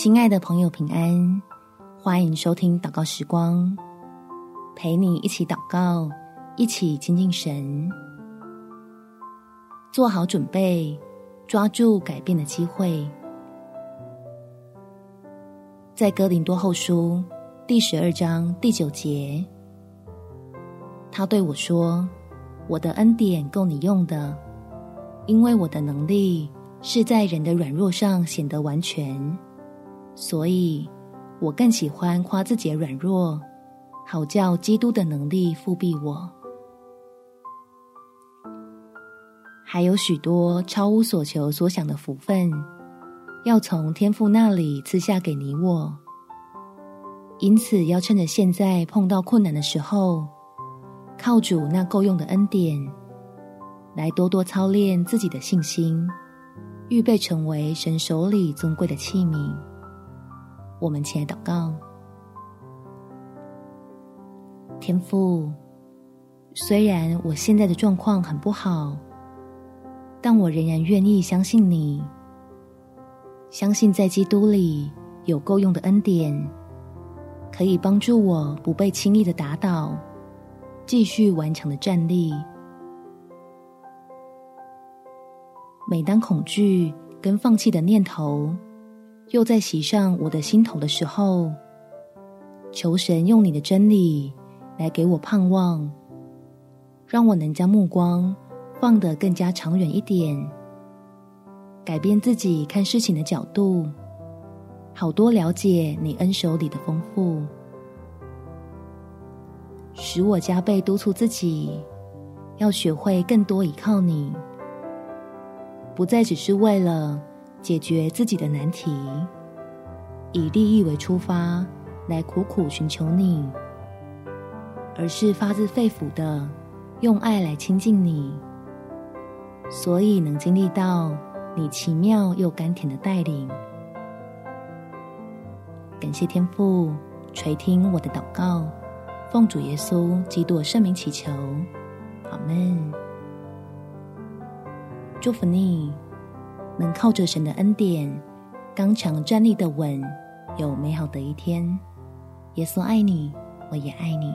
親愛的朋友，平安！歡迎收聽禱告時光，陪你一起禱告，一起親近神。做好準備，抓住改變的機會。在哥林多後書第十二章第九節，他對我說：“我的恩典夠你用的，因為我的能力是在人的軟弱上顯得完全。”所以，我更喜歡誇自己軟弱，好叫基督的能力覆庇我。還有許多超乎所求、所想的福分，要從天父那裡賜下給你我。因此，要趁着現在碰到困難的時候，靠主那夠用的恩典，來多多操練自己的信心，預備成為神手裡尊貴的器皿。我們起來禱告，天父，雖然我現在的狀況很不好，但我仍然願意相信你，相信在基督裡有夠用的恩典，可以幫助我不被輕易的打倒，繼續頑強的站立。每當恐懼跟放棄的念頭。又在襲上我的心頭的時候，求神用你的真理來給我盼望，讓我能將目光放得更加長遠一點，改變自己看事情的角度，好多了解你恩手裡的豐富，使我加倍督促自己，要學會更多依靠你，不再只是為了。解決自己的難題，以利益為出發來苦苦尋求你，而是發自肺腑的用愛來親近你，所以能經歷到你奇妙又甘甜的帶領。感謝天父垂聽我的禱告，奉主耶穌基督聖明祈求，阿門。祝福你，能靠着神的恩典，剛強站立的穩，有美好的一天。耶穌愛你，我也愛你。